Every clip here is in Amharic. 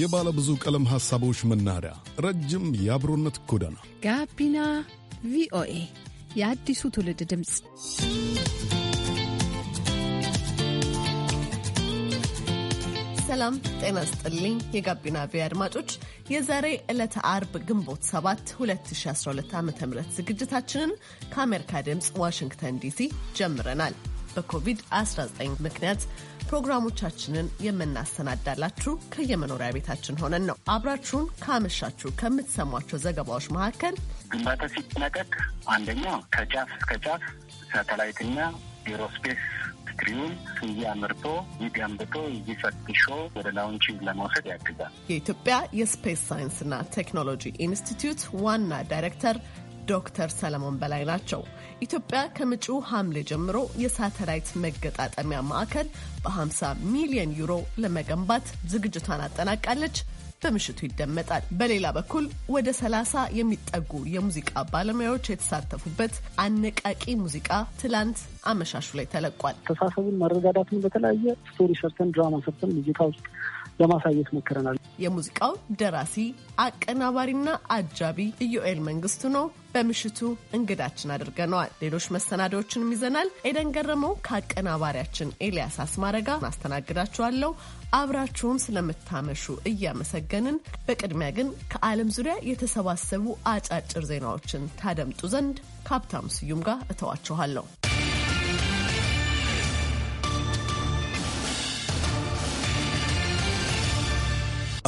የባለ ብዙ ቀለም ሐሳቦች መናኸሪያ፣ ረጅም የአብሮነት ጎዳና ጋቢና ቪኦኤ የአዲሱ ትውልድ ድምፅ። ሰላም ጤና ስጥልኝ። የጋቢና ቪ አድማጮች የዛሬ ዕለተ አርብ ግንቦት 7 2012 ዓ ም ዝግጅታችንን ከአሜሪካ ድምፅ ዋሽንግተን ዲሲ ጀምረናል። በኮቪድ-19 ምክንያት ፕሮግራሞቻችንን የምናሰናዳላችሁ ከየመኖሪያ ቤታችን ሆነን ነው። አብራችሁን ካመሻችሁ ከምትሰሟቸው ዘገባዎች መካከል ግንባታ ሲጠናቀቅ አንደኛ ከጫፍ እስከ ጫፍ ሳተላይትና ኤሮስፔስ ትክሪውን እያምርቶ አምርቶ እየፈትሾ ወደ ላውንቺንግ ለመውሰድ ያግዛል። የኢትዮጵያ የስፔስ ሳይንስና ቴክኖሎጂ ኢንስቲትዩት ዋና ዳይሬክተር ዶክተር ሰለሞን በላይ ናቸው። ኢትዮጵያ ከመጪው ሐምሌ ጀምሮ የሳተላይት መገጣጠሚያ ማዕከል በ50 ሚሊዮን ዩሮ ለመገንባት ዝግጅቷን አጠናቃለች። በምሽቱ ይደመጣል። በሌላ በኩል ወደ 30 የሚጠጉ የሙዚቃ ባለሙያዎች የተሳተፉበት አነቃቂ ሙዚቃ ትላንት አመሻሹ ላይ ተለቋል። ተሳሰቡን መረዳዳትን በተለያየ ስቶሪ ሰርተን ድራማ ሰርተን ሙዚቃ ውስጥ ለማሳየት ሞክረናል። የሙዚቃው ደራሲ አቀናባሪና አጃቢ ኢዮኤል መንግስቱ ነው። በምሽቱ እንግዳችን አድርገነዋል። ሌሎች መሰናዶዎችንም ይዘናል። ኤደን ገረመው ከአቀናባሪያችን ኤልያስ አስማረጋ ጋር እናስተናግዳችኋለሁ። አብራችሁን ስለምታመሹ እያመሰገንን በቅድሚያ ግን ከዓለም ዙሪያ የተሰባሰቡ አጫጭር ዜናዎችን ታደምጡ ዘንድ ከሀብታሙ ስዩም ጋር እተዋችኋለሁ።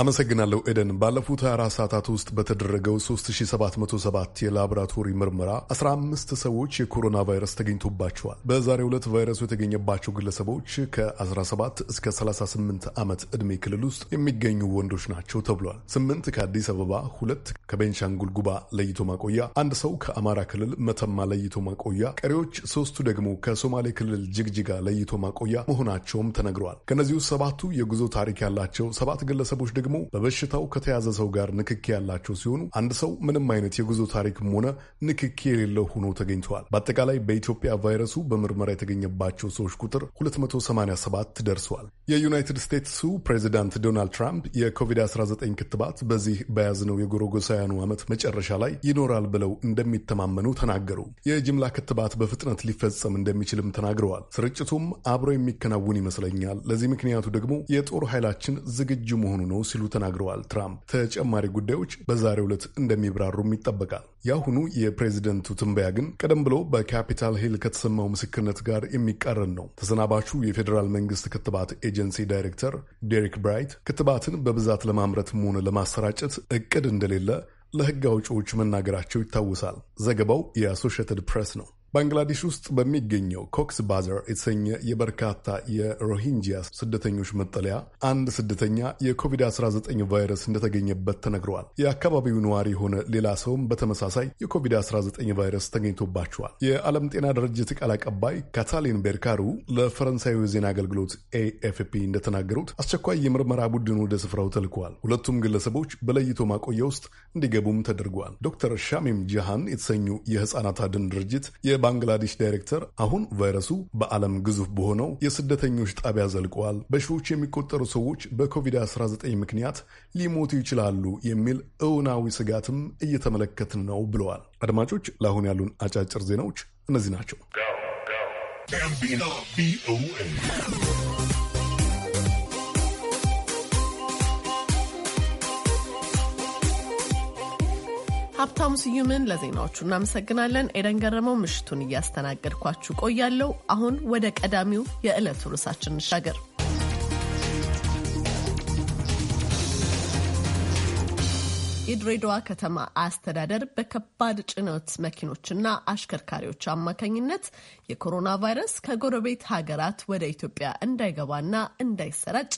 አመሰግናለሁ ኤደን። ባለፉት 24 ሰዓታት ውስጥ በተደረገው 3707 የላቦራቶሪ ምርመራ 15 ሰዎች የኮሮና ቫይረስ ተገኝቶባቸዋል። በዛሬው ዕለት ቫይረሱ የተገኘባቸው ግለሰቦች ከ17 እስከ 38 ዓመት ዕድሜ ክልል ውስጥ የሚገኙ ወንዶች ናቸው ተብሏል። ስምንት ከአዲስ አበባ፣ ሁለት ከቤንሻንጉል ጉባ ለይቶ ማቆያ፣ አንድ ሰው ከአማራ ክልል መተማ ለይቶ ማቆያ፣ ቀሪዎች ሶስቱ ደግሞ ከሶማሌ ክልል ጅግጅጋ ለይቶ ማቆያ መሆናቸውም ተነግረዋል። ከእነዚህ ውስጥ ሰባቱ የጉዞ ታሪክ ያላቸው ሰባት ግለሰቦች ደግሞ ደግሞ በበሽታው ከተያዘ ሰው ጋር ንክኪ ያላቸው ሲሆኑ አንድ ሰው ምንም አይነት የጉዞ ታሪክም ሆነ ንክኪ የሌለው ሆኖ ተገኝተዋል። በአጠቃላይ በኢትዮጵያ ቫይረሱ በምርመራ የተገኘባቸው ሰዎች ቁጥር 287 ደርሰዋል። የዩናይትድ ስቴትሱ ፕሬዚዳንት ዶናልድ ትራምፕ የኮቪድ-19 ክትባት በዚህ በያዝነው የጎረጎሳውያኑ ዓመት መጨረሻ ላይ ይኖራል ብለው እንደሚተማመኑ ተናገሩ። የጅምላ ክትባት በፍጥነት ሊፈጸም እንደሚችልም ተናግረዋል። ስርጭቱም አብሮ የሚከናውን ይመስለኛል። ለዚህ ምክንያቱ ደግሞ የጦር ኃይላችን ዝግጁ መሆኑ ነው ሲሉ ሲሉ ተናግረዋል። ትራምፕ ተጨማሪ ጉዳዮች በዛሬው ዕለት እንደሚብራሩም ይጠበቃል። የአሁኑ የፕሬዚደንቱ ትንበያ ግን ቀደም ብሎ በካፒታል ሂል ከተሰማው ምስክርነት ጋር የሚቃረን ነው። ተሰናባቹ የፌዴራል መንግስት ክትባት ኤጀንሲ ዳይሬክተር ዴሪክ ብራይት ክትባትን በብዛት ለማምረትም ሆነ ለማሰራጨት እቅድ እንደሌለ ለህግ አውጪዎች መናገራቸው ይታወሳል። ዘገባው የአሶሽትድ ፕሬስ ነው። ባንግላዴሽ ውስጥ በሚገኘው ኮክስ ባዘር የተሰኘ የበርካታ የሮሂንጂያ ስደተኞች መጠለያ አንድ ስደተኛ የኮቪድ-19 ቫይረስ እንደተገኘበት ተነግረዋል። የአካባቢው ነዋሪ የሆነ ሌላ ሰውም በተመሳሳይ የኮቪድ-19 ቫይረስ ተገኝቶባቸዋል። የዓለም ጤና ድርጅት ቃል አቀባይ ካታሊን ቤርካሩ ለፈረንሳዩ የዜና አገልግሎት ኤኤፍፒ እንደተናገሩት አስቸኳይ የምርመራ ቡድን ወደ ስፍራው ተልከዋል። ሁለቱም ግለሰቦች በለይቶ ማቆያ ውስጥ እንዲገቡም ተደርገዋል። ዶክተር ሻሚም ጃሃን የተሰኙ የህፃናት አድን ድርጅት የባንግላዴሽ ዳይሬክተር አሁን ቫይረሱ በዓለም ግዙፍ በሆነው የስደተኞች ጣቢያ ዘልቀዋል፣ በሺዎች የሚቆጠሩ ሰዎች በኮቪድ-19 ምክንያት ሊሞቱ ይችላሉ የሚል እውናዊ ስጋትም እየተመለከትን ነው ብለዋል። አድማጮች፣ ለአሁን ያሉን አጫጭር ዜናዎች እነዚህ ናቸው። ሀብታሙ ስዩምን ለዜናዎቹ እናመሰግናለን። ኤደን ገረመው ምሽቱን እያስተናገድኳችሁ ቆያለሁ። አሁን ወደ ቀዳሚው የዕለቱ ርዕሳችን እንሻገር። የድሬዳዋ ከተማ አስተዳደር በከባድ ጭነት መኪኖችና አሽከርካሪዎች አማካኝነት የኮሮና ቫይረስ ከጎረቤት ሀገራት ወደ ኢትዮጵያ እንዳይገባና እንዳይሰራጭ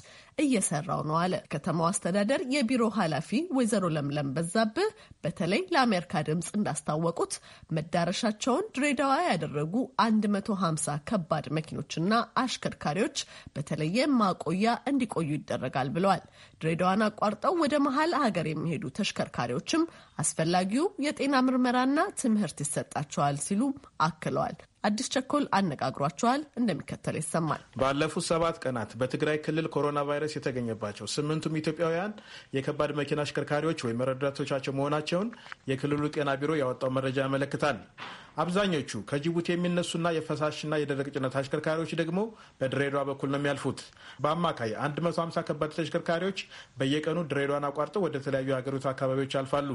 እየሰራው ነው አለ። ከተማው አስተዳደር የቢሮ ኃላፊ ወይዘሮ ለምለም በዛብህ በተለይ ለአሜሪካ ድምፅ እንዳስታወቁት መዳረሻቸውን ድሬዳዋ ያደረጉ 150 ከባድ መኪኖችና አሽከርካሪዎች በተለየ ማቆያ እንዲቆዩ ይደረጋል ብለዋል። ድሬዳዋን አቋርጠው ወደ መሀል ሀገር የሚሄዱ ተሽከርካሪዎችም አስፈላጊው የጤና ምርመራና ትምህርት ይሰጣቸዋል ሲሉ አክለዋል። አዲስ ቸኮል አነጋግሯቸዋል፣ እንደሚከተል ይሰማል። ባለፉት ሰባት ቀናት በትግራይ ክልል ኮሮና ቫይረስ የተገኘባቸው ስምንቱም ኢትዮጵያውያን የከባድ መኪና አሽከርካሪዎች ወይም ረዳቶቻቸው መሆናቸውን የክልሉ ጤና ቢሮ ያወጣው መረጃ ያመለክታል። አብዛኞቹ ከጅቡቲ የሚነሱና የፈሳሽና የደረቅ ጭነት አሽከርካሪዎች ደግሞ በድሬዳዋ በኩል ነው የሚያልፉት። በአማካይ 150 ከባድ ተሽከርካሪዎች በየቀኑ ድሬዳዋን አቋርጠው ወደ ተለያዩ የሀገሪቱ አካባቢዎች ያልፋሉ።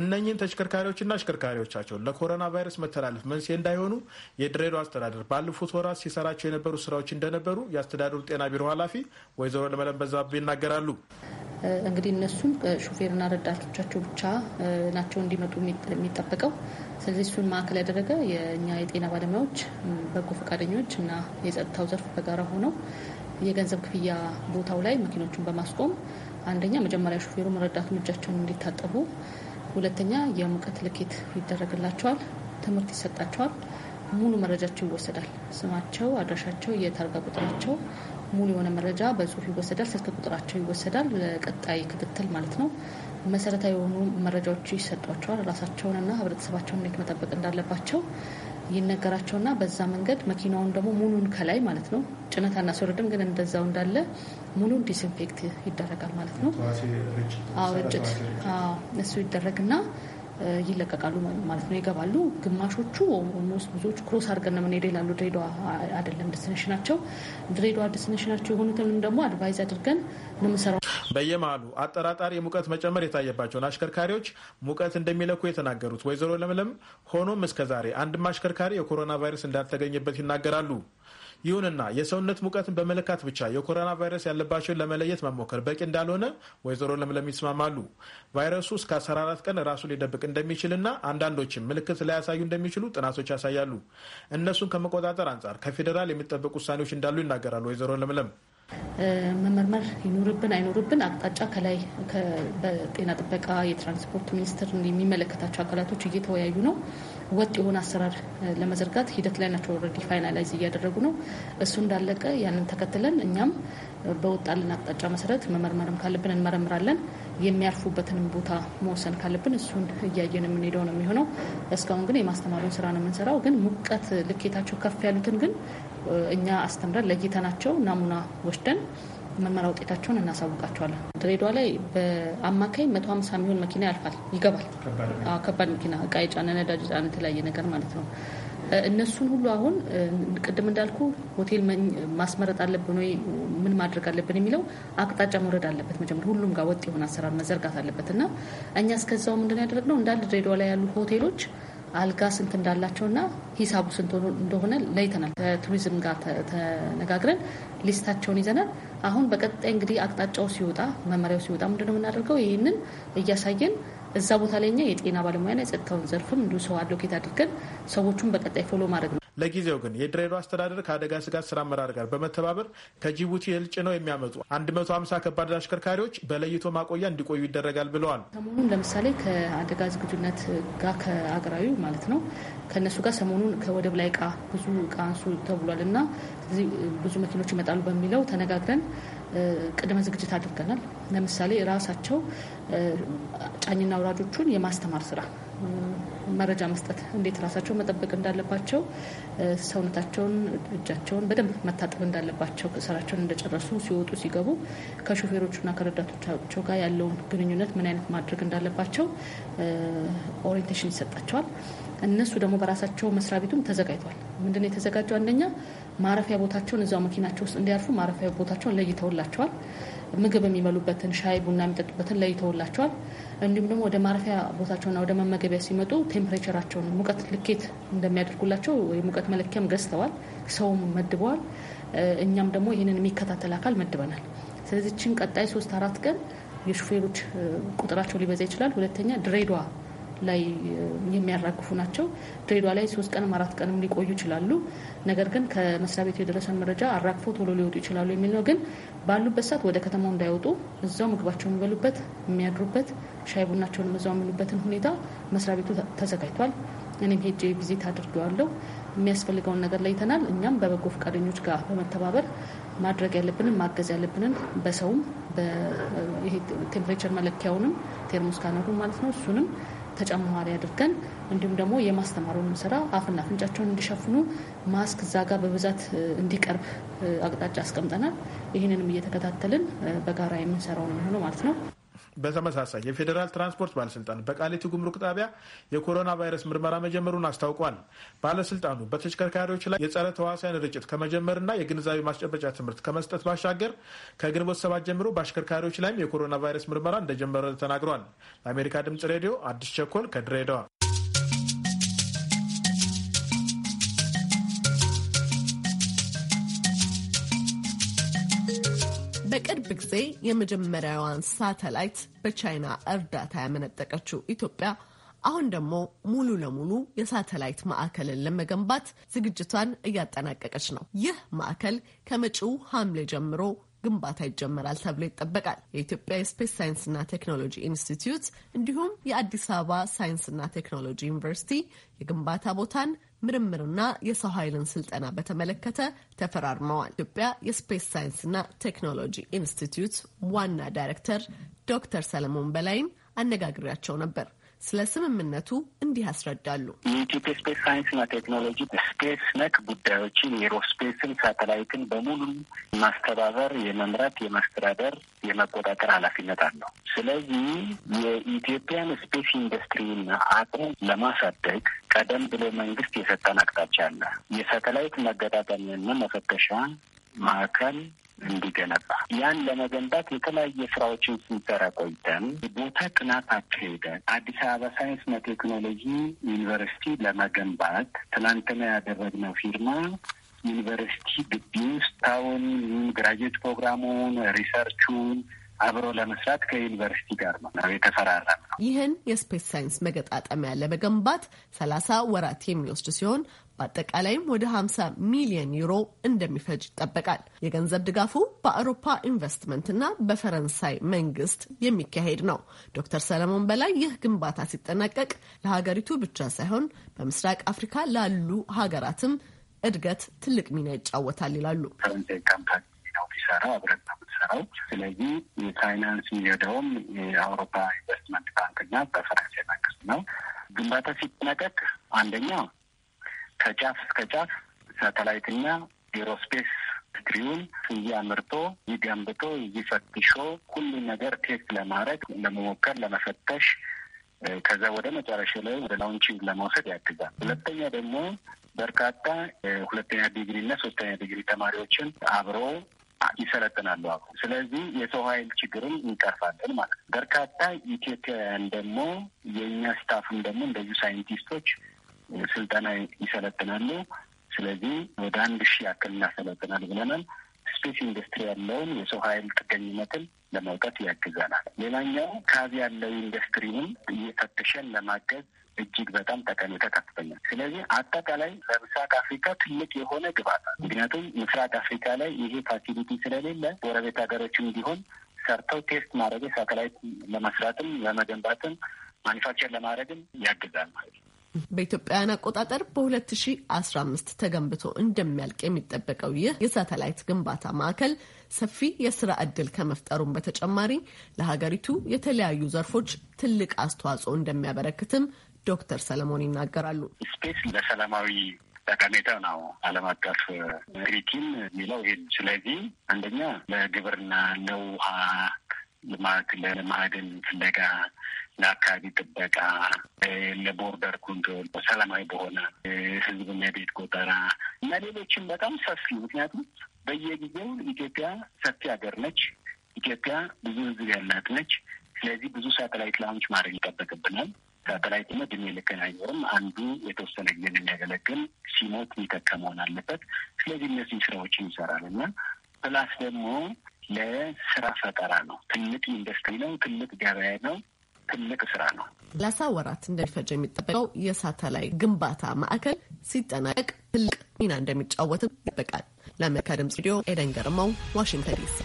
እነኝህን ተሽከርካሪዎችና አሽከርካሪዎቻቸውን ለኮሮና ቫይረስ መተላለፍ መንስኤ እንዳይሆኑ የድሬዳዋ አስተዳደር ባለፉት ወራት ሲሰራቸው የነበሩ ስራዎች እንደነበሩ የአስተዳደሩ ጤና ቢሮ ኃላፊ ወይዘሮ ለመለም ይናገራሉ። እንግዲህ እነሱም ሹፌርና ረዳቶቻቸው ብቻ ናቸው እንዲመጡ የሚጠበቀው። ስለዚህ እሱን ማዕከል ያደረገ የእኛ የጤና ባለሙያዎች፣ በጎ ፈቃደኞች እና የጸጥታው ዘርፍ በጋራ ሆነው የገንዘብ ክፍያ ቦታው ላይ መኪኖችን በማስቆም አንደኛ መጀመሪያ ሹፌሩ ረዳቱም እጃቸውን እንዲታጠቡ ሁለተኛ የሙቀት ልኬት ይደረግላቸዋል። ትምህርት ይሰጣቸዋል። ሙሉ መረጃቸው ይወሰዳል። ስማቸው፣ አድራሻቸው፣ የታርጋ ቁጥራቸው ሙሉ የሆነ መረጃ በጽሁፍ ይወሰዳል። ስልክ ቁጥራቸው ይወሰዳል። ለቀጣይ ክትትል ማለት ነው። መሰረታዊ የሆኑ መረጃዎች ይሰጧቸዋል። ራሳቸውንና ህብረተሰባቸውን እንዴት መጠበቅ እንዳለባቸው ይነገራቸውና በዛ መንገድ መኪናውን ደግሞ ሙሉን ከላይ ማለት ነው ጭነት አናስወርድም፣ ግን እንደዛው እንዳለ ሙሉን ዲስኢንፌክት ይደረጋል ማለት ነው። ርጭት እሱ ይደረግና ይለቀቃሉ ማለት ነው። ይገባሉ። ግማሾቹ ስ ብዙዎቹ ክሮስ አድርገን ነው የምንሄደው ይላሉ። ድሬዳዋ አይደለም ዲስቲኔሽናቸው፣ ድሬዳዋ ዲስቲኔሽናቸው የሆኑትንም ደግሞ አድቫይዝ አድርገን ነው የምንሰራው። በየመሃሉ አጠራጣሪ ሙቀት መጨመር የታየባቸውን አሽከርካሪዎች ሙቀት እንደሚለኩ የተናገሩት ወይዘሮ ለምለም ሆኖም እስከዛሬ አንድም አሽከርካሪ የኮሮና ቫይረስ እንዳልተገኘበት ይናገራሉ። ይሁንና የሰውነት ሙቀትን በመለካት ብቻ የኮሮና ቫይረስ ያለባቸውን ለመለየት መሞከር በቂ እንዳልሆነ ወይዘሮ ለምለም ይስማማሉ። ቫይረሱ እስከ 14 ቀን ራሱ ሊደብቅ እንደሚችልና አንዳንዶችም ምልክት ላያሳዩ እንደሚችሉ ጥናቶች ያሳያሉ። እነሱን ከመቆጣጠር አንጻር ከፌዴራል የሚጠበቁ ውሳኔዎች እንዳሉ ይናገራሉ ወይዘሮ ለምለም መመርመር ይኖርብን አይኖርብን አቅጣጫ ከላይ በጤና ጥበቃ የትራንስፖርት ሚኒስቴር የሚመለከታቸው አካላቶች እየተወያዩ ነው። ወጥ የሆነ አሰራር ለመዘርጋት ሂደት ላይ ናቸው። ኦልሬዲ ፋይናላይዝ እያደረጉ ነው። እሱ እንዳለቀ ያንን ተከትለን እኛም በወጣልን አቅጣጫ መሰረት መመርመርም ካለብን እንመረምራለን። የሚያርፉበትንም ቦታ መወሰን ካለብን እሱን እያየን የምንሄደው ነው የሚሆነው። እስካሁን ግን የማስተማሩን ስራ ነው የምንሰራው። ግን ሙቀት ልኬታቸው ከፍ ያሉትን ግን እኛ አስተምረን ለይተናቸው ናሙና ወስደን መመራ ውጤታቸውን እናሳውቃቸዋለን። ድሬዳዋ ላይ በአማካይ መቶ ሀምሳ የሚሆን መኪና ያልፋል ይገባል። ከባድ መኪና እቃ የጫነ ነዳጅ ጫነ የተለያየ ነገር ማለት ነው። እነሱን ሁሉ አሁን ቅድም እንዳልኩ ሆቴል ማስመረጥ አለብን ወይ ምን ማድረግ አለብን የሚለው አቅጣጫ መውረድ አለበት። መጀመሪያ ሁሉም ጋር ወጥ የሆነ አሰራር መዘርጋት አለበት እና እኛ እስከዛው ምንድን ነው እንዳለ ድሬዳዋ ላይ ያሉ ሆቴሎች አልጋ ስንት እንዳላቸውና ሂሳቡ ስንት እንደሆነ ለይተናል። ከቱሪዝም ጋር ተነጋግረን ሊስታቸውን ይዘናል። አሁን በቀጣይ እንግዲህ አቅጣጫው ሲወጣ መመሪያው ሲወጣ ምንድነው የምናደርገው? ይህንን እያሳየን እዛ ቦታ ላይ እኛ የጤና ባለሙያና የጸጥታውን ዘርፍም እንዲሁ ሰው አሎኬት አድርገን ሰዎቹን በቀጣይ ፎሎ ማድረግ ነው። ለጊዜው ግን የድሬዳዋ አስተዳደር ከአደጋ ስጋት ስራ አመራር ጋር በመተባበር ከጅቡቲ እህል ጭነው የሚያመጡ 150 ከባድ አሽከርካሪዎች በለይቶ ማቆያ እንዲቆዩ ይደረጋል ብለዋል። ሰሞኑን ለምሳሌ ከአደጋ ዝግጁነት ጋር ከአገራዊ ማለት ነው ከእነሱ ጋር ሰሞኑን ከወደብ ላይ እቃ ብዙ እቃ አንሱ ተብሏል እና ብዙ መኪኖች ይመጣሉ በሚለው ተነጋግረን ቅድመ ዝግጅት አድርገናል። ለምሳሌ ራሳቸው ጫኝና አውራጆቹን የማስተማር ስራ መረጃ መስጠት፣ እንዴት ራሳቸውን መጠበቅ እንዳለባቸው፣ ሰውነታቸውን፣ እጃቸውን በደንብ መታጠብ እንዳለባቸው፣ ስራቸውን እንደጨረሱ ሲወጡ ሲገቡ ከሾፌሮቹና ከረዳቶቻቸው ጋር ያለውን ግንኙነት ምን አይነት ማድረግ እንዳለባቸው ኦሪየንቴሽን ይሰጣቸዋል። እነሱ ደግሞ በራሳቸው መስሪያ ቤቱም ተዘጋጅቷል። ምንድነው የተዘጋጀው? አንደኛ ማረፊያ ቦታቸውን እዚያው መኪናቸው ውስጥ እንዲያርፉ ማረፊያ ቦታቸውን ለይተውላቸዋል። ምግብ የሚበሉበትን ሻይ ቡና የሚጠጡበትን ለይተውላቸዋል። እንዲሁም ደግሞ ወደ ማረፊያ ቦታቸውና ወደ መመገቢያ ሲመጡ ቴምፕሬቸራቸውን ሙቀት ልኬት እንደሚያደርጉላቸው የሙቀት መለኪያም ገዝተዋል፣ ሰውም መድበዋል። እኛም ደግሞ ይህንን የሚከታተል አካል መድበናል። ስለዚህ ችን ቀጣይ ሶስት አራት ቀን የሹፌሮች ቁጥራቸው ሊበዛ ይችላል። ሁለተኛ ድሬዳዋ ላይ የሚያራግፉ ናቸው። ድሬዳዋ ላይ ሶስት ቀንም አራት ቀንም ሊቆዩ ይችላሉ። ነገር ግን ከመስሪያ ቤቱ የደረሰን መረጃ አራግፎ ቶሎ ሊወጡ ይችላሉ የሚል ነው። ግን ባሉበት ሰዓት ወደ ከተማው እንዳይወጡ እዛው ምግባቸውን የሚበሉበት የሚያድሩበት፣ ሻይ ቡናቸውንም እዛው የሚሉበትን ሁኔታ መስሪያ ቤቱ ተዘጋጅቷል። እኔም ሄጄ ቪዚት አድርገዋለሁ። የሚያስፈልገውን ነገር ለይተናል። እኛም በበጎ ፈቃደኞች ጋር በመተባበር ማድረግ ያለብንን ማገዝ ያለብንን በሰውም ቴምፕሬቸር መለኪያውንም ቴርሞስካነሩ ማለት ነው እሱንም ተጨማሪ አድርገን እንዲሁም ደግሞ የማስተማሩንም ስራ አፍና አፍንጫቸውን እንዲሸፍኑ ማስክ እዛ ጋር በብዛት እንዲቀርብ አቅጣጫ አስቀምጠናል። ይህንንም እየተከታተልን በጋራ የምንሰራው ነው ማለት ነው። በተመሳሳይ የፌዴራል ትራንስፖርት ባለስልጣን በቃሊቲ ጉምሩክ ጣቢያ የኮሮና ቫይረስ ምርመራ መጀመሩን አስታውቋል። ባለስልጣኑ በተሽከርካሪዎች ላይ የጸረ ተዋሳያን ርጭት ከመጀመርና የግንዛቤ ማስጨበጫ ትምህርት ከመስጠት ባሻገር ከግንቦት ሰባት ጀምሮ በአሽከርካሪዎች ላይም የኮሮና ቫይረስ ምርመራ እንደጀመረ ተናግሯል። ለአሜሪካ ድምጽ ሬዲዮ አዲስ ቸኮል ከድሬዳዋ በቅርብ ጊዜ የመጀመሪያዋን ሳተላይት በቻይና እርዳታ ያመነጠቀችው ኢትዮጵያ አሁን ደግሞ ሙሉ ለሙሉ የሳተላይት ማዕከልን ለመገንባት ዝግጅቷን እያጠናቀቀች ነው። ይህ ማዕከል ከመጪው ሐምሌ ጀምሮ ግንባታ ይጀመራል ተብሎ ይጠበቃል። የኢትዮጵያ የስፔስ ሳይንስና ቴክኖሎጂ ኢንስቲትዩት እንዲሁም የአዲስ አበባ ሳይንስና ቴክኖሎጂ ዩኒቨርሲቲ የግንባታ ቦታን ምርምርና የሰው ኃይልን ስልጠና በተመለከተ ተፈራርመዋል። ኢትዮጵያ የስፔስ ሳይንስና ቴክኖሎጂ ኢንስቲትዩት ዋና ዳይሬክተር ዶክተር ሰለሞን በላይን አነጋግሬያቸው ነበር። ስለ ስምምነቱ እንዲህ ያስረዳሉ። የኢትዮጵያ ስፔስ ሳይንስና ቴክኖሎጂ ስፔስ ነክ ጉዳዮችን የኤሮስፔስን፣ ሳተላይትን በሙሉ ማስተባበር፣ የመምራት፣ የማስተዳደር፣ የመቆጣጠር ኃላፊነት አለው። ስለዚህ የኢትዮጵያን ስፔስ ኢንዱስትሪና አቅሙ ለማሳደግ ቀደም ብሎ መንግስት የሰጠን አቅጣጫ አለ። የሳተላይት መገጣጠሚያና መፈተሻ ማዕከል እንዲገነባ ያን ለመገንባት የተለያየ ስራዎችን ስንሰራ ቆይተን ቦታ ጥናት አካሄደን አዲስ አበባ ሳይንስና ቴክኖሎጂ ዩኒቨርሲቲ ለመገንባት ትናንትና ያደረግነው ፊርማ ዩኒቨርሲቲ ግቢ ውስጥ ታውን ግራጁዌት ፕሮግራሙን ሪሰርቹን አብሮ ለመስራት ከዩኒቨርሲቲ ጋር ነው የተፈራረም ነው። ይህን የስፔስ ሳይንስ መገጣጠሚያ ለመገንባት ሰላሳ ወራት የሚወስድ ሲሆን በአጠቃላይም ወደ 50 ሚሊዮን ዩሮ እንደሚፈጅ ይጠበቃል። የገንዘብ ድጋፉ በአውሮፓ ኢንቨስትመንትና በፈረንሳይ መንግስት የሚካሄድ ነው። ዶክተር ሰለሞን በላይ ይህ ግንባታ ሲጠናቀቅ ለሀገሪቱ ብቻ ሳይሆን በምስራቅ አፍሪካ ላሉ ሀገራትም እድገት ትልቅ ሚና ይጫወታል ይላሉ። ፈረንሳይ ካምፓኒ ነው ቢሰራ አብረት ነው የምትሰራው። ስለዚህ የፋይናንስ የሚሄደውም የአውሮፓ ኢንቨስትመንት ባንክና በፈረንሳይ መንግስት ነው። ግንባታ ሲጠናቀቅ አንደኛ ከጫፍ እስከ ጫፍ ሳተላይትና ኤሮስፔስ ትሪውን እያምርቶ ይገንብቶ እየፈትሾ ሁሉ ነገር ቴስት ለማድረግ ለመሞከር፣ ለመፈተሽ ከዛ ወደ መጨረሻ ላይ ወደ ላውንቺንግ ለመውሰድ ያግዛል። ሁለተኛ ደግሞ በርካታ ሁለተኛ ዲግሪ እና ሶስተኛ ዲግሪ ተማሪዎችን አብሮ ይሰለጥናሉ አብሮ። ስለዚህ የሰው ኃይል ችግርን እንቀርፋለን ማለት ነው። በርካታ ኢትዮጵያውያን ደግሞ የእኛ ስታፍም ደግሞ እንደዚሁ ሳይንቲስቶች ስልጠና ይሰለጥናሉ። ስለዚህ ወደ አንድ ሺህ ያክል እናሰለጥናል ብለናል። ስፔስ ኢንዱስትሪ ያለውን የሰው ኃይል ጥገኝነትን ለመውጣት ያግዘናል። ሌላኛው ካዝ ያለው ኢንዱስትሪንም እየፈተሸን ለማገዝ እጅግ በጣም ጠቀሜታ ከፍተኛል። ስለዚህ አጠቃላይ ለምስራቅ አፍሪካ ትልቅ የሆነ ግብዓት ምክንያቱም ምስራቅ አፍሪካ ላይ ይሄ ፋሲሊቲ ስለሌለ ጎረቤት ሀገሮችም ቢሆን ሰርተው ቴስት ማድረግ ሳተላይት ለመስራትም ለመገንባትም ማኒፋክቸር ለማድረግም ያግዛል ማለት ነው። በኢትዮጵያውያን አቆጣጠር በ2015 ተገንብቶ እንደሚያልቅ የሚጠበቀው ይህ የሳተላይት ግንባታ ማዕከል ሰፊ የስራ ዕድል ከመፍጠሩም በተጨማሪ ለሀገሪቱ የተለያዩ ዘርፎች ትልቅ አስተዋጽኦ እንደሚያበረክትም ዶክተር ሰለሞን ይናገራሉ። ስፔስ ለሰላማዊ ጠቀሜታ ነው። ዓለም አቀፍ ግሪኪን የሚለው ይሄን። ስለዚህ አንደኛ ለግብርና፣ ለውሃ ልማት፣ ለማዕድን ፍለጋ ለአካባቢ ጥበቃ፣ ለቦርደር ኮንትሮል ሰላማዊ በሆነ ህዝብና የቤት ቆጠራ እና ሌሎችም በጣም ሰፊ ምክንያቱም በየጊዜው ኢትዮጵያ ሰፊ ሀገር ነች። ኢትዮጵያ ብዙ ህዝብ ያላት ነች። ስለዚህ ብዙ ሳተላይት ላውንች ማድረግ ይጠበቅብናል። ሳተላይት ነ ድሜ ልክን አይኖርም። አንዱ የተወሰነ ጊዜ የሚያገለግል ሲሞት የሚተካ መሆን አለበት። ስለዚህ እነዚህ ስራዎችን ይሰራል እና ፕላስ ደግሞ ለስራ ፈጠራ ነው። ትልቅ ኢንዱስትሪ ነው። ትልቅ ገበያ ነው። ትልቅ ስራ ነው። ሰላሳ ወራት እንደሚፈጅ የሚጠበቀው የሳተላይት ግንባታ ማዕከል ሲጠናቀቅ ትልቅ ሚና እንደሚጫወትም ይጠበቃል። ለአሜሪካ ድምጽ ሬዲዮ ኤደን ገርመው ዋሽንግተን ዲሲ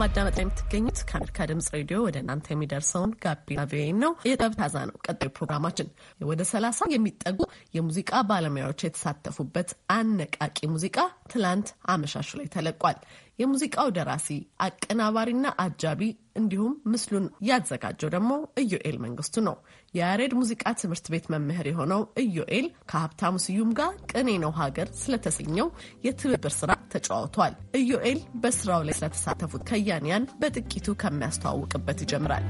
በማዳመጥ የምትገኙት ከአሜሪካ ድምጽ ሬዲዮ ወደ እናንተ የሚደርሰውን ጋቢና ቪኦኤ ነው። የጥበብ ታዛ ነው ቀጣዩ ፕሮግራማችን። ወደ ሰላሳ የሚጠጉ የሙዚቃ ባለሙያዎች የተሳተፉበት አነቃቂ ሙዚቃ ትላንት አመሻሹ ላይ ተለቋል። የሙዚቃው ደራሲ አቀናባሪና አጃቢ እንዲሁም ምስሉን ያዘጋጀው ደግሞ ኢዮኤል መንግስቱ ነው። የያሬድ ሙዚቃ ትምህርት ቤት መምህር የሆነው ኢዮኤል ከሀብታሙ ስዩም ጋር ቅኔ ነው ሀገር ስለተሰኘው የትብብር ስራ ተጫውቷል። ኢዮኤል በስራው ላይ ስለተሳተፉት ከያንያን በጥቂቱ ከሚያስተዋውቅበት ይጀምራል።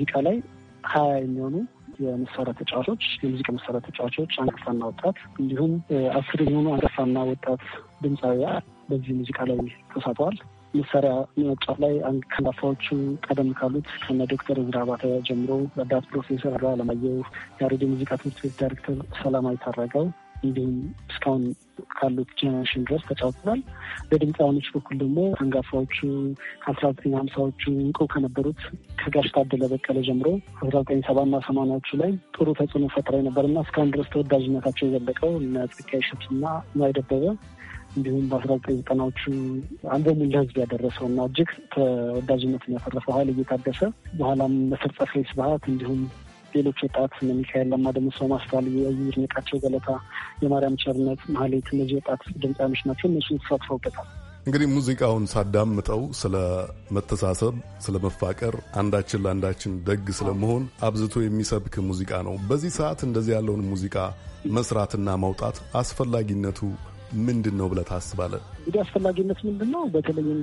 ሙዚቃ ላይ ሀያ የሚሆኑ የመሳሪያ ተጫዋቾች የሙዚቃ መሳሪያ ተጫዋቾች አንጋፋና ወጣት እንዲሁም አስር የሚሆኑ አንጋፋና ወጣት ድምፃዊያ በዚህ ሙዚቃ ላይ ተሳተዋል። መሳሪያ መጫወት ላይ ከአንጋፋዎቹ ቀደም ካሉት ከነ ዶክተር እዝራ አባተ ጀምሮ ረዳት ፕሮፌሰር አለማየሁ፣ የአሬድ ሙዚቃ ትምህርት ቤት ዳይሬክተር ሰላማዊ ታረገው እንዲሁም እስካሁን ካሉት ጀኔሬሽን ድረስ ተጫውተናል። በድምፃውያኖች በኩል ደግሞ አንጋፋዎቹ አስራ ዘጠኝ ሀምሳዎቹ እንቁ ከነበሩት ከጋሽ ታደለ በቀለ ጀምሮ አስራ ዘጠኝ ሰባና ሰማናዎቹ ላይ ጥሩ ተጽዕኖ ፈጥረው ነበርና እስካሁን ድረስ ተወዳጅነታቸው የዘለቀው እነ ጽጌ እሸቱና ንዋይ ደበበ እንዲሁም በአስራ ዘጠኝ ዘጠናዎቹ አልበሙን ለህዝብ ያደረሰው እና እጅግ ተወዳጅነትን ያፈረፈው ኃይሌ እየታደሰ በኋላም መሰርጸ ፌስ ባህት እንዲሁም ሌሎች ወጣት ሚካኤል ለማ ደግሞ ሰው ማስተዋል ገለታ፣ የማርያም ቸርነት፣ ማህሌት እነዚህ ወጣት ድምፃኖች ናቸው። እነሱ ተሳትፈውበታል። እንግዲህ ሙዚቃውን ሳዳምጠው ስለ መተሳሰብ፣ ስለ መፋቀር፣ አንዳችን ለአንዳችን ደግ ስለመሆን አብዝቶ የሚሰብክ ሙዚቃ ነው። በዚህ ሰዓት እንደዚህ ያለውን ሙዚቃ መስራትና ማውጣት አስፈላጊነቱ ምንድን ነው ብለህ ታስባለህ? እንግዲህ አስፈላጊነት ምንድን ነው? በተለይም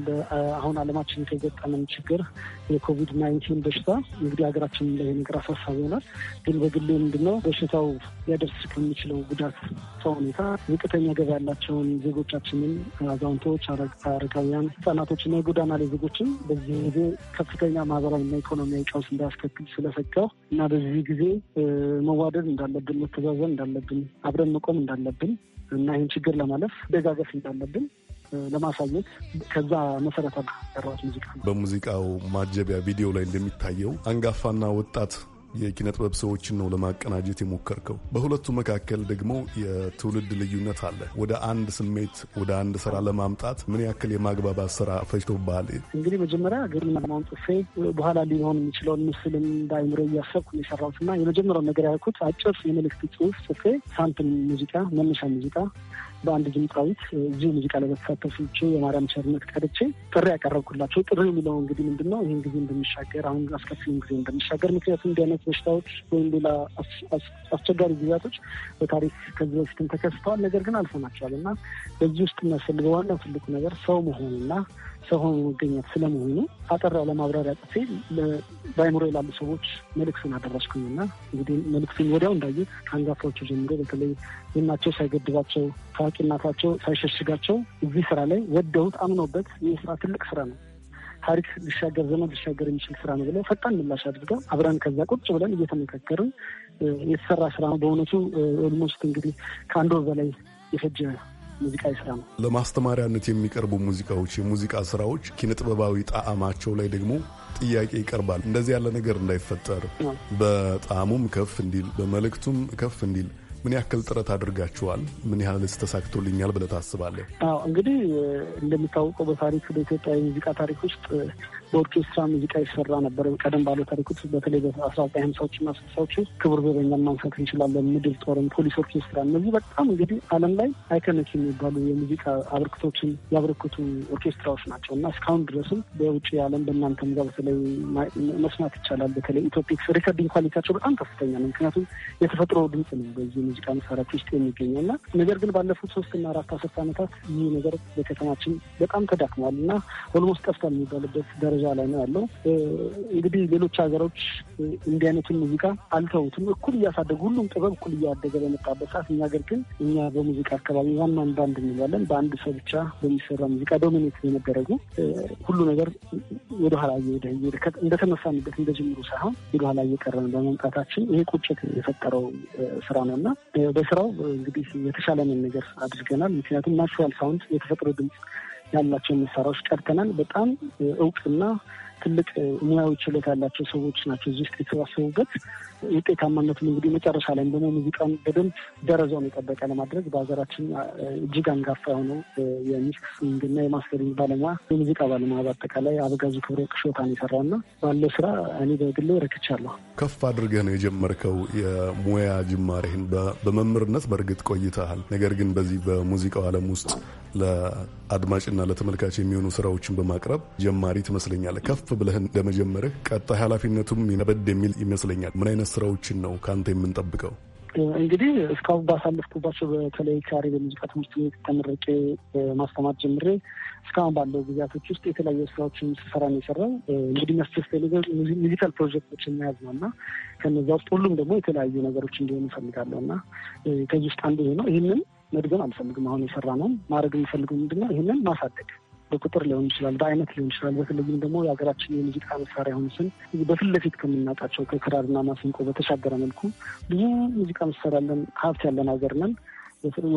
አሁን አለማችን የተገጠመን ችግር የኮቪድ ናይንቲን በሽታ እንግዲህ ሀገራችን ላይ ነገር አሳሳቢ ሆናል። ግን በግሌ ምንድን ነው በሽታው ሊያደርስ ከሚችለው ጉዳት ሁኔታ ዝቅተኛ ገቢ ያላቸውን ዜጎቻችንን፣ አዛውንቶች፣ አረጋውያን፣ ህጻናቶችና የጎዳና ላይ ዜጎችን በዚህ ጊዜ ከፍተኛ ማህበራዊና ኢኮኖሚያዊ ቀውስ እንዳያስከትል ስለሰጋው እና በዚህ ጊዜ መዋደድ እንዳለብን፣ መተዛዘን እንዳለብን፣ አብረን መቆም እንዳለብን እና ይህን ችግር ለማለፍ ደጋገፍ እንዳለብን ለማሳየት ከዛ መሰረት ያራት ሙዚቃ ነው። በሙዚቃው ማጀቢያ ቪዲዮ ላይ እንደሚታየው አንጋፋና ወጣት የኪነ ጥበብ ሰዎችን ነው ለማቀናጀት የሞከርከው። በሁለቱ መካከል ደግሞ የትውልድ ልዩነት አለ። ወደ አንድ ስሜት ወደ አንድ ስራ ለማምጣት ምን ያክል የማግባባት ስራ ፈጅቶብሃል? እንግዲህ መጀመሪያ ግርና ጽፌ በኋላ ሊሆን የሚችለውን ምስልም በአይምሮ እያሰብኩ የሰራሁት እና የመጀመሪያው ነገር ያልኩት አጭር የመልእክት ጽሁፍ ጽፌ ሳምፕል ሙዚቃ መነሻ ሙዚቃ በአንድ ድምፃዊት እዚሁ ሙዚቃ ላይ በተሳተፉ የማርያም ቸርነት ቀርቼ ጥሪ ያቀረብኩላቸው። ጥሪ የሚለው እንግዲህ ምንድን ነው? ይህን ጊዜ እንደሚሻገር አሁን አስከፊውን ጊዜ እንደሚሻገር፣ ምክንያቱም እንዲህ አይነት በሽታዎች ወይም ሌላ አስቸጋሪ ጊዜያቶች በታሪክ ከዚህ በፊትም ተከስተዋል። ነገር ግን አልፈናቸዋል እና በዚህ ውስጥ የሚያስፈልገው ዋናው ትልቁ ነገር ሰው መሆንና ሰው ሆኖ መገኘት ስለመሆኑ አጠር ያለ ማብራሪያ ጽፌ በአይምሮ ላሉ ሰዎች መልእክትን አደረስኩኝና እንግዲህ መልእክቱን ወዲያው እንዳየ ከአንጋፋዎቹ ጀምሮ በተለይ ዝናቸው ሳይገድባቸው ታዋቂናታቸው ሳይሸሽጋቸው እዚህ ስራ ላይ ወደውት አምኖበት ይህ ስራ ትልቅ ስራ ነው ታሪክ ሊሻገር ዘመን ሊሻገር የሚችል ስራ ነው ብለው ፈጣን ምላሽ አድርገው አብረን ከዛ ቁጭ ብለን እየተመካከርን የተሰራ ስራ ነው። በእውነቱ ኦልሞስት እንግዲህ ከአንድ ወር በላይ የፈጀ ሙዚቃዊ ስራ ነው። ለማስተማሪያነት የሚቀርቡ ሙዚቃዎች፣ የሙዚቃ ስራዎች ኪነጥበባዊ ጣዕማቸው ላይ ደግሞ ጥያቄ ይቀርባል። እንደዚህ ያለ ነገር እንዳይፈጠር በጣዕሙም ከፍ እንዲል፣ በመልእክቱም ከፍ እንዲል ምን ያክል ጥረት አድርጋችኋል? ምን ያህልስ ተሳክቶልኛል ብለህ ታስባለህ? አዎ እንግዲህ እንደሚታወቀው በታሪክ በኢትዮጵያ የሙዚቃ ታሪክ ውስጥ በኦርኬስትራ ሙዚቃ ይሰራ ነበር። ቀደም ባለ ታሪኮች በተለይ በአስራ ዘጠኝ ሀምሳዎች እና ስልሳዎች ውስጥ ክቡር በበኛን ማንሳት እንችላለን። ምድር ጦርን፣ ፖሊስ ኦርኬስትራ፣ እነዚህ በጣም እንግዲህ ዓለም ላይ አይከነክ የሚባሉ የሙዚቃ አበርክቶችን ያበረክቱ ኦርኬስትራዎች ናቸው እና እስካሁን ድረስም በውጭ ዓለም በእናንተም ጋር በተለይ መስማት ይቻላል። በተለይ ኢትዮፒክስ ሪከርዲንግ ኳሊቲያቸው በጣም ከፍተኛ ነው። ምክንያቱም የተፈጥሮ ድምፅ ነው በዚህ ሙዚቃ መሳሪያዎች ውስጥ የሚገኘው እና ነገር ግን ባለፉት ሶስትና አራት አስርት ዓመታት ይህ ነገር በከተማችን በጣም ተዳክሟል እና ኦልሞስት ጠፍቷል የሚባልበት ደረ ደረጃ ላይ ነው ያለው። እንግዲህ ሌሎች ሀገሮች እንዲህ አይነቱን ሙዚቃ አልተውትም። እኩል እያሳደጉ ሁሉም ጥበብ እኩል እያደገ በመጣበት ሰዓት እኛ ሀገር ግን እኛ በሙዚቃ አካባቢ ዋናን ባንድ እንላለን። በአንድ ሰው ብቻ በሚሰራ ሙዚቃ ዶሚኔት የመደረጉ ሁሉ ነገር ወደኋላ እየሄደ እንደተነሳንበት እንደ ጅምሩ ሳይሆን ወደኋላ እየቀረን በመምጣታችን ይሄ ቁጭት የፈጠረው ስራ ነው እና በስራው እንግዲህ የተሻለንን ነገር አድርገናል። ምክንያቱም ናቹራል ሳውንድ የተፈጥሮ ድምፅ ያላቸውን መሳሪያዎች ቀድተናል። በጣም እውቅና ትልቅ ሙያዊ ችሎታ ያላቸው ሰዎች ናቸው እዚህ ውስጥ የተሰባሰቡበት። ውጤታማነቱን እንግዲህ መጨረሻ ላይም ደግሞ ሙዚቃን በደንብ ደረጃውን የጠበቀ ለማድረግ በሀገራችን እጅግ አንጋፋ የሆነው የሚክሲንግ እና የማስተሪንግ ባለሙያ የሙዚቃ ባለሙያ በአጠቃላይ አበጋዙ ክብረ ቅሾታን የሰራው እና ባለው ስራ እኔ በግሌ ረክቻለሁ። ከፍ አድርገህ ነው የጀመርከው የሙያ ጅማሬህን። በመምህርነት በእርግጥ ቆይተሃል። ነገር ግን በዚህ በሙዚቃው ዓለም ውስጥ ለአድማጭና ለተመልካች የሚሆኑ ስራዎችን በማቅረብ ጀማሪ ትመስለኛለህ። ከፍ ብለህ እንደመጀመርህ ቀጣይ ኃላፊነቱም ከበድ የሚል ይመስለኛል። ምን አይነት አይነት ስራዎችን ነው ከአንተ የምንጠብቀው? እንግዲህ እስካሁን ባሳለፍኩባቸው በተለይ ካሬ በሙዚቃ ትምህርት ቤት ተመረቄ ማስተማር ጀምሬ እስካሁን ባለው ጊዜያቶች ውስጥ የተለያዩ ስራዎችን ስሰራ ነው የሰራው። እንግዲህ መስደስተ ነገር ሙዚካል ፕሮጀክቶችን ነው እና ከነዚ ውስጥ ሁሉም ደግሞ የተለያዩ ነገሮች እንዲሆኑ እፈልጋለሁ እና ከዚህ ውስጥ አንዱ ነው። ይህንን መድገም አልፈልግም። አሁን የሰራ ነው ማድረግ የምፈልገው ምንድነው ይህንን ማሳደግ በቁጥር ሊሆን ይችላል፣ በአይነት ሊሆን ይችላል። በተለይም ደግሞ የሀገራችን የሙዚቃ መሳሪያ ሆኑ ስን በፊት ለፊት ከምናጣቸው ከክራርና ማሲንቆ በተሻገረ መልኩ ብዙ ሙዚቃ መሳሪያ ያለን ሀብት ያለን ሀገር ነን።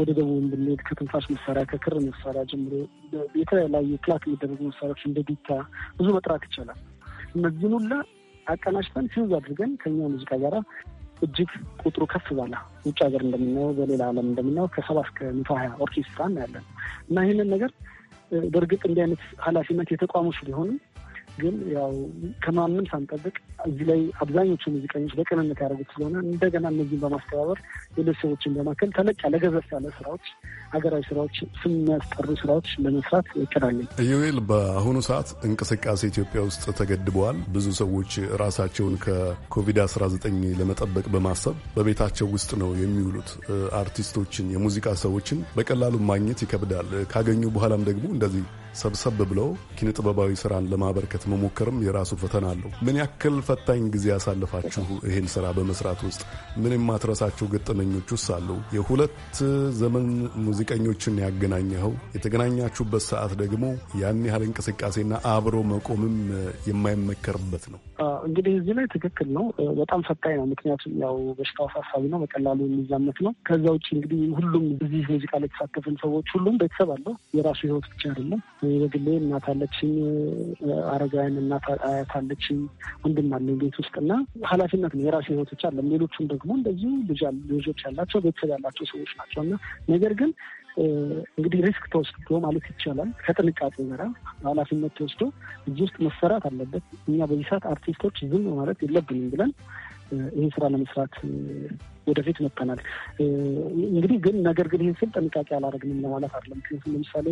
ወደ ደቡብ ብንሄድ ከትንፋሽ መሳሪያ ከክር መሳሪያ ጀምሮ የተለያዩ ትላክ የሚደረጉ መሳሪያዎች እንደ ቢታ ብዙ መጥራት ይቻላል። እነዚህን ሁላ አቀናጭተን ፊውዝ አድርገን ከኛ ሙዚቃ ጋር እጅግ ቁጥሩ ከፍ ባለ ውጭ ሀገር እንደምናየው በሌላ ዓለም እንደምናየው ከሰባ እስከ መቶ ሀያ ኦርኬስትራ እናያለን እና ይህንን ነገር በእርግጥ እንዲህ አይነት ኃላፊነት የተቋሙ ስለሆኑ ግን ያው ከማንም ሳንጠብቅ እዚህ ላይ አብዛኞቹ ሙዚቀኞች በቅንነት ያደረጉት ስለሆነ እንደገና እነዚህን በማስተባበር ሌሎች ሰዎችን በማከል ተለቅ ያለ ገዘፍ ያለ ስራዎች፣ ሀገራዊ ስራዎች፣ ስም የሚያስጠሩ ስራዎች ለመስራት ይቀዳለን። ኢዮኤል፣ በአሁኑ ሰዓት እንቅስቃሴ ኢትዮጵያ ውስጥ ተገድበዋል። ብዙ ሰዎች ራሳቸውን ከኮቪድ-19 ለመጠበቅ በማሰብ በቤታቸው ውስጥ ነው የሚውሉት። አርቲስቶችን፣ የሙዚቃ ሰዎችን በቀላሉ ማግኘት ይከብዳል። ካገኙ በኋላም ደግሞ እንደዚህ ሰብሰብ ብለው ኪነጥበባዊ ስራን ለማበርከት መሞከርም የራሱ ፈተና አለው። ምን ያክል ፈታኝ ጊዜ ያሳልፋችሁ ይህን ስራ በመስራት ውስጥ ምን የማትረሳቸው ገጠመኞች ውስጥ አሉ? የሁለት ዘመን ሙዚቀኞችን ያገናኘኸው የተገናኛችሁበት ሰዓት ደግሞ ያን ያህል እንቅስቃሴና አብሮ መቆምም የማይመከርበት ነው። እንግዲህ እዚህ ላይ ትክክል ነው። በጣም ፈታኝ ነው። ምክንያቱም ያው በሽታው አሳሳቢ ነው፣ በቀላሉ የሚዛመት ነው። ከዛ ውጭ እንግዲህ ሁሉም እዚህ ሙዚቃ ላይ የተሳተፍን ሰዎች ሁሉም ቤተሰብ አለው። የራሱ ህይወት ብቻ አይደለም። በግሌ እናት አለችኝ፣ አረጋውያን እናት አያት አለችኝ፣ ወንድም አለኝ ቤት እና ኃላፊነት ነው የራሴ ህይወት ብቻ ሌሎቹም ደግሞ እንደዚሁ ልጆች ያላቸው ቤተሰብ ያላቸው ሰዎች ናቸው እና ነገር ግን እንግዲህ ሪስክ ተወስዶ ማለት ይቻላል ከጥንቃቄ ጋራ ኃላፊነት ተወስዶ እዚህ ውስጥ መሰራት አለበት። እኛ በዚህ ሰዓት አርቲስቶች ዝም ማለት የለብንም ብለን ይህን ስራ ለመስራት ወደፊት መጥተናል። እንግዲህ ግን ነገር ግን ይህን ስል ጥንቃቄ አላደረግንም ለማለት አይደለም። ምክንያቱም ለምሳሌ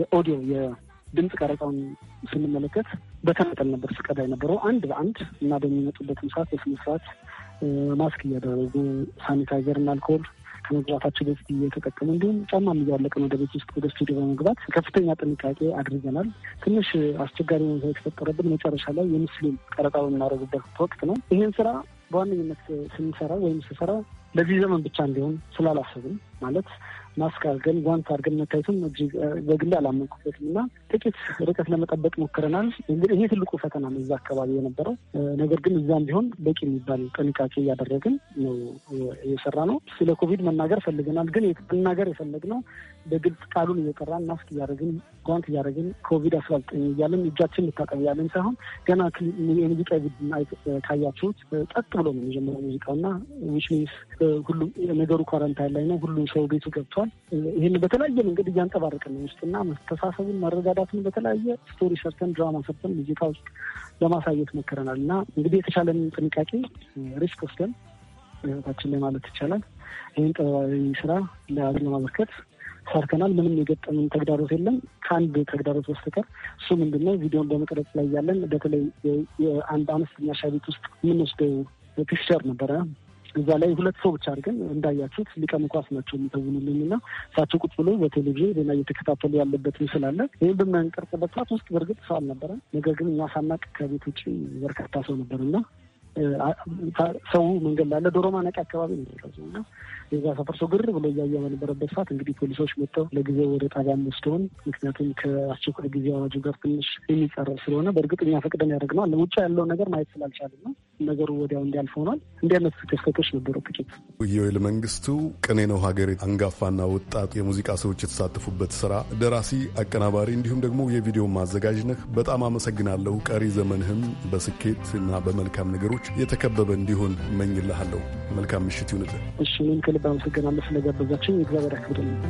የኦዲዮ ድምፅ ቀረጻውን ስንመለከት በተናጠል ነበር ሲቀዳ የነበረው አንድ በአንድ እና በሚመጡበትም ሰዓት ስርዓት ማስክ እያደረጉ እና አልኮል ከመግባታቸው በፊት እየተጠቀሙ እንዲሁም ጫማ እያወለቅን ወደ ቤት ውስጥ ወደ ስቱዲዮ በመግባት ከፍተኛ ጥንቃቄ አድርገናል። ትንሽ አስቸጋሪ ሁኔታ የተፈጠረብን መጨረሻ ላይ የሙስሊም ቀረጻ በምናደርጉበት ወቅት ነው። ይህን ስራ በዋነኝነት ስንሰራ ወይም ስሰራ ለዚህ ዘመን ብቻ እንዲሆን ስላላሰብን ማለት ማስክ አድርገን ጓንት አድርገን መታየቱም እጅግ በግል አላመንኩበትም እና ጥቂት ርቀት ለመጠበቅ ሞክረናል። እንግዲህ ይሄ ትልቁ ፈተና ነው እዛ አካባቢ የነበረው። ነገር ግን እዛም ቢሆን በቂ የሚባል ጥንቃቄ እያደረግን ነው እየሰራ ነው። ስለ ኮቪድ መናገር ፈልገናል፣ ግን መናገር የፈለግነው በግልጽ ቃሉን እየጠራን ማስክ እያደረግን ጓንት እያደረግን ኮቪድ አስራ ዘጠኝ እያለን እጃችን ልታጠብ እያለን ሳይሆን ገና የሙዚቃ ቡድን ካያችሁት ጠጥ ብሎ ነው የሚጀምረው ሙዚቃው እና ዊች ሚንስ ሁሉም ነገሩ ኳረንታይን ላይ ነው። ሁሉም ሰው ቤቱ ገብቷል። ተደርጓል። ይህን በተለያየ መንገድ እያንጸባረቀ ነው ውስጥና መተሳሰቡን መረዳዳትን በተለያየ ስቶሪ ሰርተን ድራማ ሰርተን ሙዚቃ ውስጥ ለማሳየት ሞክረናል እና እንግዲህ የተቻለን ጥንቃቄ ሪስክ ወስደን ታችን ላይ ማለት ይቻላል ይህን ጥበባዊ ስራ ለአብር ለማበርከት ሰርተናል። ምንም የገጠምን ተግዳሮት የለም ከአንድ ተግዳሮት በስተቀር። እሱ ምንድነው ቪዲዮን በመቅረጽ ላይ ያለን በተለይ የአንድ አነስተኛ ሻይ ቤት ውስጥ የምንወስደው ፒክቸር ነበረ እዛ ላይ ሁለት ሰው ብቻ አድርገን እንዳያችሁት ሊቀን ኳስ ናቸው የሚተውኑልኝ እና እሳቸው ቁጭ ብሎ በቴሌቪዥን ዜና እየተከታተሉ ያለበት ምስል አለ። ይህም በምናንቀርጽበት ሰዓት ውስጥ በእርግጥ ሰው አልነበረም። ነገር ግን እኛ ሳናቅ ከቤት ውጭ በርካታ ሰው ነበር እና ሰው መንገድ ላለ ዶሮ ማነቂ አካባቢ ነው እና የዛ ሰፈር ሰው ግር ብሎ እያየ በነበረበት ሰዓት እንግዲህ ፖሊሶች መጥተው ለጊዜው ወደ ጣቢያ ወስደውን፣ ምክንያቱም ከአስቸኳይ ጊዜ አዋጁ ጋር ትንሽ የሚጻረር ስለሆነ በእርግጥ እኛ ፈቅደን ያደርግነዋል ለውጭ ያለውን ነገር ማየት ስላልቻልን ነው። ነገሩ ወዲያው እንዲያልፍ ሆኗል። እንዲህ አይነት ክስተቶች ነበሩ ጥቂት። የወይል መንግስቱ ቅኔ ነው ሀገሬ አንጋፋና ወጣት የሙዚቃ ሰዎች የተሳተፉበት ስራ ደራሲ፣ አቀናባሪ እንዲሁም ደግሞ የቪዲዮ ማዘጋጅ ነህ። በጣም አመሰግናለሁ። ቀሪ ዘመንህም በስኬት እና በመልካም ነገሮች የተከበበ እንዲሆን እመኝልሃለሁ። መልካም ምሽት ይሁንልን። እሺ እኔም በጣም አመሰግናለሁ ስለጋበዛችን። እግዚአብሔር ያክብርልን።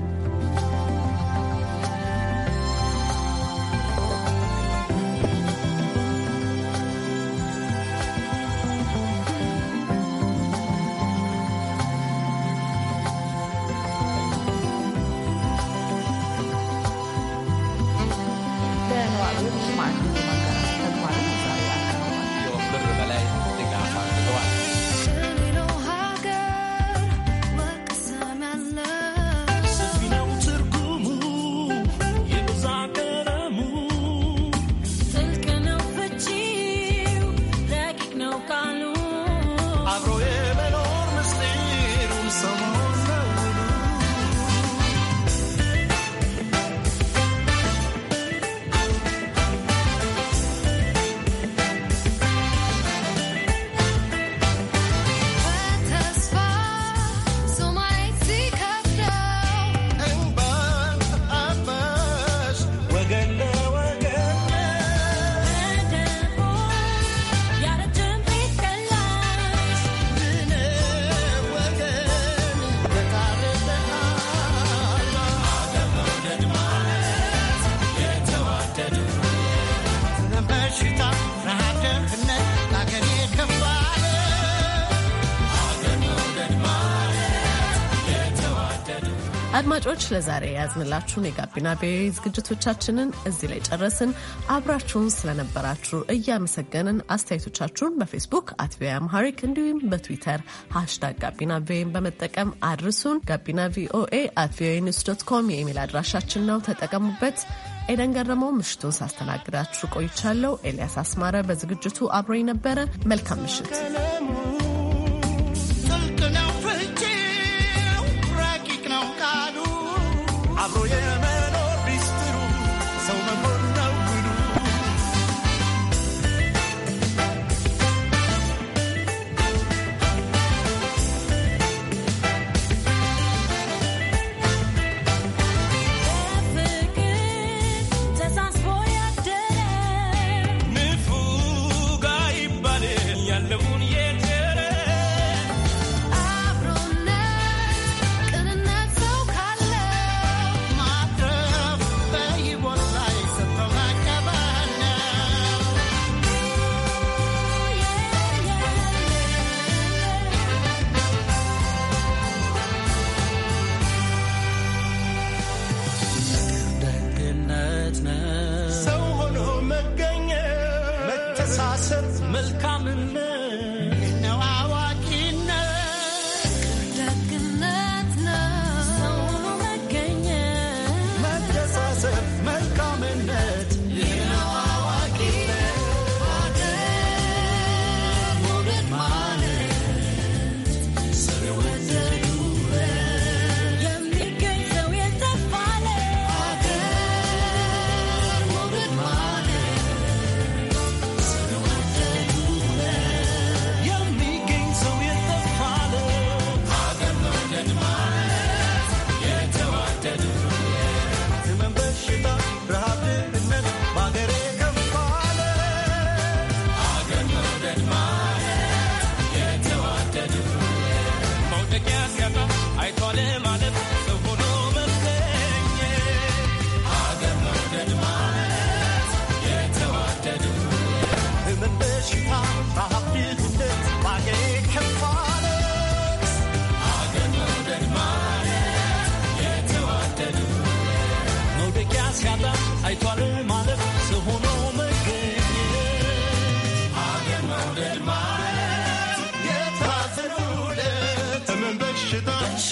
አድማጮች ለዛሬ የያዝንላችሁን የጋቢና ቪኦኤ ዝግጅቶቻችንን እዚህ ላይ ጨረስን። አብራችሁን ስለነበራችሁ እያመሰገንን አስተያየቶቻችሁን በፌስቡክ አት ቪኦኤ አምሃሪክ እንዲሁም በትዊተር ሃሽታግ ጋቢና ቪኦኤን በመጠቀም አድርሱን። ጋቢና ቪኦኤ አት ቪኦኤ ኒውስ ዶት ኮም የኢሜል አድራሻችን ነው። ተጠቀሙበት። ኤደን ገረመው ምሽቱን ሳስተናግዳችሁ ቆይቻለሁ። ኤልያስ አስማረ በዝግጅቱ አብሮኝ ነበረ። መልካም ምሽት።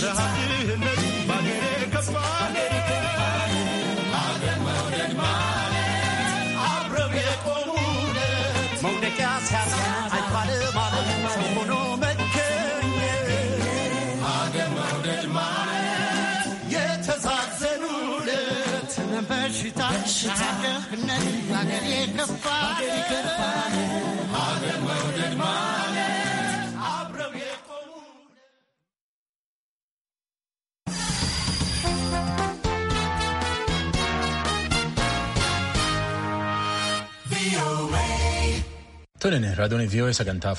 ረሃብነት ባገሬ ከባድ አብረን መውደድ ማለት አብረው የቆሙለት መውደቂያ ሲያሳ አይባል ማለት ሰው ሆኖ መገኘት አብረን መውደድ ማለት የተዛዘኑለት በሽታ ረሃብነት ባገሬ ከባድ አብረን መውደድ ማለት Tole radyoon VOA sagantaa